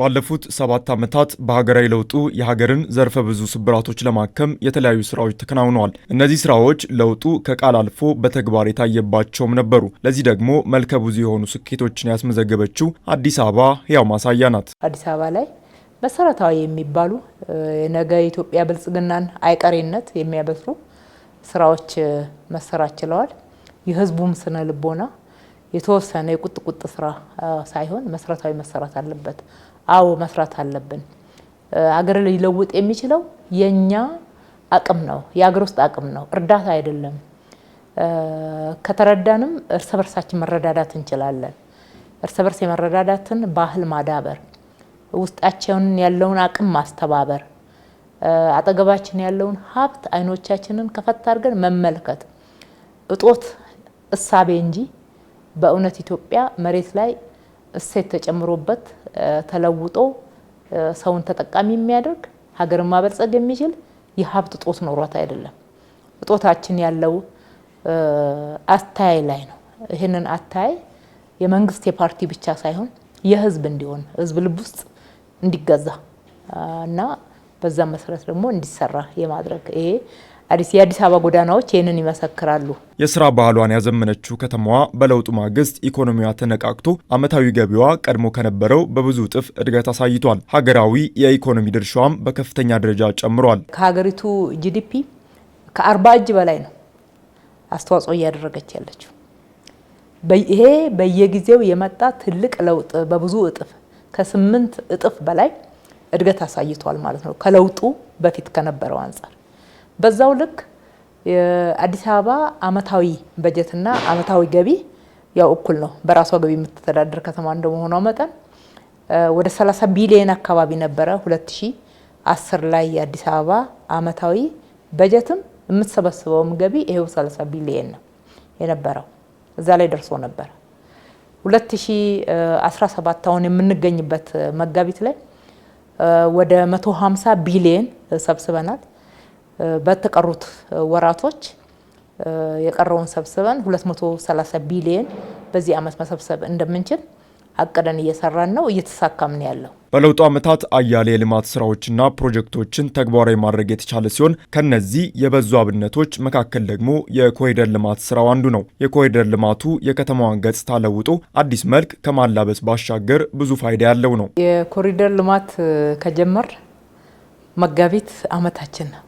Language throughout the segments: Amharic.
ባለፉት ሰባት ዓመታት በሀገራዊ ለውጡ የሀገርን ዘርፈ ብዙ ስብራቶች ለማከም የተለያዩ ስራዎች ተከናውነዋል። እነዚህ ስራዎች ለውጡ ከቃል አልፎ በተግባር የታየባቸውም ነበሩ። ለዚህ ደግሞ መልከ ብዙ የሆኑ ስኬቶችን ያስመዘገበችው አዲስ አበባ ህያው ማሳያ ናት። አዲስ አበባ ላይ መሰረታዊ የሚባሉ የነገ የኢትዮጵያ ብልጽግናን አይቀሬነት የሚያበስሩ ስራዎች መሰራት ችለዋል። የህዝቡም ስነ ልቦና የተወሰነ የቁጥቁጥ ስራ ሳይሆን መሰረታዊ መሰራት አለበት። አዎ መስራት አለብን። አገር ሊለውጥ የሚችለው የኛ አቅም ነው፣ የአገር ውስጥ አቅም ነው፣ እርዳታ አይደለም። ከተረዳንም እርስ በርሳችን መረዳዳት እንችላለን። እርስ በርስ የመረዳዳትን ባህል ማዳበር፣ ውስጣቸውን ያለውን አቅም ማስተባበር፣ አጠገባችን ያለውን ሀብት አይኖቻችንን ከፈት አድርገን መመልከት እጦት እሳቤ እንጂ በእውነት ኢትዮጵያ መሬት ላይ እሴት ተጨምሮበት ተለውጦ ሰውን ተጠቃሚ የሚያደርግ ሀገርን ማበልጸግ የሚችል የሀብት እጦት ኖሯት አይደለም። እጦታችን ያለው አታይ ላይ ነው። ይህንን አታይ የመንግስት የፓርቲ ብቻ ሳይሆን የህዝብ እንዲሆን ህዝብ ልብ ውስጥ እንዲገዛ እና በዛ መሰረት ደግሞ እንዲሰራ የማድረግ ይሄ አዲስ የአዲስ አበባ ጎዳናዎች ይህንን ይመሰክራሉ። የስራ ባህሏን ያዘመነችው ከተማዋ በለውጡ ማግስት ኢኮኖሚዋ ተነቃቅቶ አመታዊ ገቢዋ ቀድሞ ከነበረው በብዙ እጥፍ እድገት አሳይቷል። ሀገራዊ የኢኮኖሚ ድርሻዋም በከፍተኛ ደረጃ ጨምሯል። ከሀገሪቱ ጂዲፒ ከአርባ እጅ በላይ ነው አስተዋጽኦ እያደረገች ያለችው። ይሄ በየጊዜው የመጣ ትልቅ ለውጥ በብዙ እጥፍ ከስምንት እጥፍ በላይ እድገት አሳይቷል ማለት ነው ከለውጡ በፊት ከነበረው አንጻር በዛው ልክ የአዲስ አበባ አመታዊ በጀትና አመታዊ ገቢ ያው እኩል ነው። በራሷ ገቢ የምትተዳደር ከተማ እንደመሆኗ መጠን ወደ 30 ቢሊየን አካባቢ ነበረ 2010 ላይ የአዲስ አበባ አመታዊ በጀትም የምትሰበስበውም ገቢ ይሄው 30 ቢሊየን ነው የነበረው። እዛ ላይ ደርሶ ነበር። 2017 አሁን የምንገኝበት መጋቢት ላይ ወደ 150 ቢሊየን ሰብስበናል። በተቀሩት ወራቶች የቀረውን ሰብስበን 230 ቢሊየን በዚህ ዓመት መሰብሰብ እንደምንችል አቅደን እየሰራን ነው። እየተሳካም ነው ያለው። በለውጡ ዓመታት አያሌ የልማት ስራዎችና ፕሮጀክቶችን ተግባራዊ ማድረግ የተቻለ ሲሆን ከነዚህ የበዙ አብነቶች መካከል ደግሞ የኮሪደር ልማት ስራው አንዱ ነው። የኮሪደር ልማቱ የከተማዋን ገጽታ ለውጦ አዲስ መልክ ከማላበስ ባሻገር ብዙ ፋይዳ ያለው ነው። የኮሪደር ልማት ከጀመር መጋቢት ዓመታችን ነው።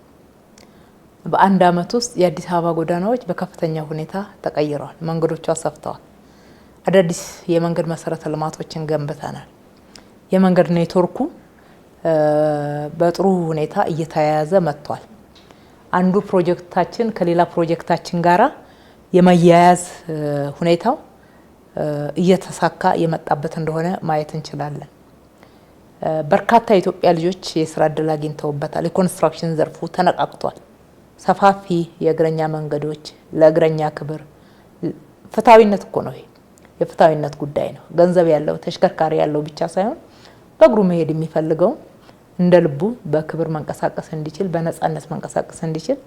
በአንድ ዓመት ውስጥ የአዲስ አበባ ጎዳናዎች በከፍተኛ ሁኔታ ተቀይረዋል። መንገዶቿ አሰፍተዋል። አዳዲስ የመንገድ መሰረተ ልማቶችን ገንብተናል። የመንገድ ኔትወርኩ በጥሩ ሁኔታ እየተያያዘ መጥቷል። አንዱ ፕሮጀክታችን ከሌላ ፕሮጀክታችን ጋራ የመያያዝ ሁኔታው እየተሳካ የመጣበት እንደሆነ ማየት እንችላለን። በርካታ የኢትዮጵያ ልጆች የስራ እድል አግኝተውበታል። የኮንስትራክሽን ዘርፉ ተነቃቅቷል። ሰፋፊ የእግረኛ መንገዶች ለእግረኛ ክብር ፍትሐዊነት እኮ ነው። የፍትሐዊነት ጉዳይ ነው። ገንዘብ ያለው ተሽከርካሪ ያለው ብቻ ሳይሆን በእግሩ መሄድ የሚፈልገው እንደ ልቡ በክብር መንቀሳቀስ እንዲችል፣ በነፃነት መንቀሳቀስ እንዲችል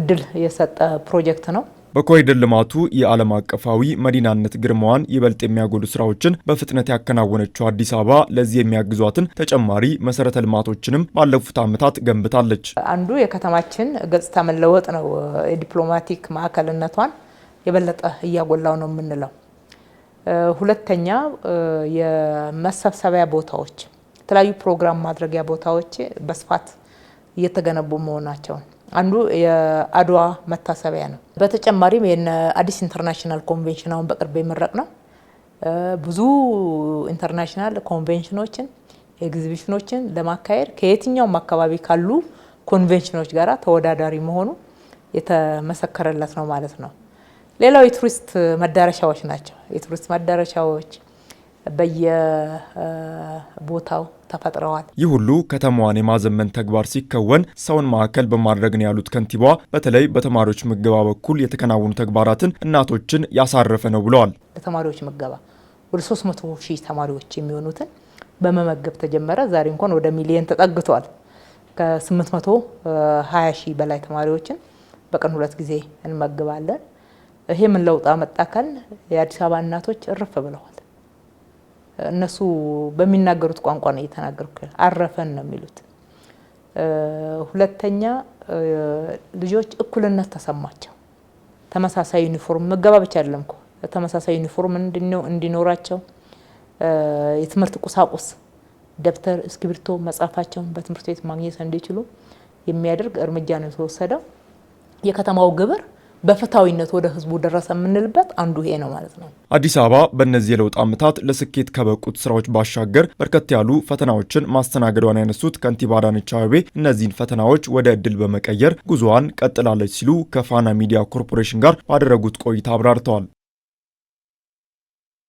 እድል የሰጠ ፕሮጀክት ነው። በኮሪደር ልማቱ የዓለም አቀፋዊ መዲናነት ግርማዋን ይበልጥ የሚያጎሉ ስራዎችን በፍጥነት ያከናወነችው አዲስ አበባ ለዚህ የሚያግዟትን ተጨማሪ መሰረተ ልማቶችንም ባለፉት ዓመታት ገንብታለች። አንዱ የከተማችን ገጽታ መለወጥ ነው። የዲፕሎማቲክ ማዕከልነቷን የበለጠ እያጎላው ነው የምንለው። ሁለተኛ የመሰብሰቢያ ቦታዎች፣ የተለያዩ ፕሮግራም ማድረጊያ ቦታዎች በስፋት እየተገነቡ መሆናቸውን አንዱ የአድዋ መታሰቢያ ነው። በተጨማሪም አዲስ ኢንተርናሽናል ኮንቬንሽን አሁን በቅርብ የመረቅ ነው። ብዙ ኢንተርናሽናል ኮንቬንሽኖችን ኤግዚቢሽኖችን ለማካሄድ ከየትኛውም አካባቢ ካሉ ኮንቬንሽኖች ጋር ተወዳዳሪ መሆኑ የተመሰከረለት ነው ማለት ነው። ሌላው የቱሪስት መዳረሻዎች ናቸው። የቱሪስት መዳረሻዎች በየቦታው ተፈጥረዋል። ይህ ሁሉ ከተማዋን የማዘመን ተግባር ሲከወን ሰውን ማዕከል በማድረግ ነው ያሉት ከንቲባ በተለይ በተማሪዎች ምገባ በኩል የተከናወኑ ተግባራትን እናቶችን ያሳረፈ ነው ብለዋል። ለተማሪዎች ምገባ ወደ 300 ሺህ ተማሪዎች የሚሆኑትን በመመገብ ተጀመረ። ዛሬ እንኳን ወደ ሚሊየን ተጠግቷል። ከ820 ሺህ በላይ ተማሪዎችን በቀን ሁለት ጊዜ እንመግባለን። ይሄ ምን ለውጥ አመጣ የአዲስ አበባ እናቶች እርፍ ብለዋል። እነሱ በሚናገሩት ቋንቋ ነው እየተናገርኩ አረፈን ነው የሚሉት። ሁለተኛ ልጆች እኩልነት ተሰማቸው። ተመሳሳይ ዩኒፎርም መገባ አይደለም እኮ ተመሳሳይ ዩኒፎርም እንዲኖራቸው የትምህርት ቁሳቁስ ደብተር፣ እስክሪብቶ፣ መጽሐፋቸውን በትምህርት ቤት ማግኘት እንዲችሉ የሚያደርግ እርምጃ ነው የተወሰደው። የከተማው ግብር በፍትሐዊነት ወደ ህዝቡ ደረሰ የምንልበት አንዱ ይሄ ነው ማለት ነው። አዲስ አበባ በእነዚህ የለውጥ ዓመታት ለስኬት ከበቁት ስራዎች ባሻገር በርከት ያሉ ፈተናዎችን ማስተናገዷን ያነሱት ከንቲባ አዳነች አቤቤ እነዚህን ፈተናዎች ወደ እድል በመቀየር ጉዞዋን ቀጥላለች ሲሉ ከፋና ሚዲያ ኮርፖሬሽን ጋር ባደረጉት ቆይታ አብራርተዋል።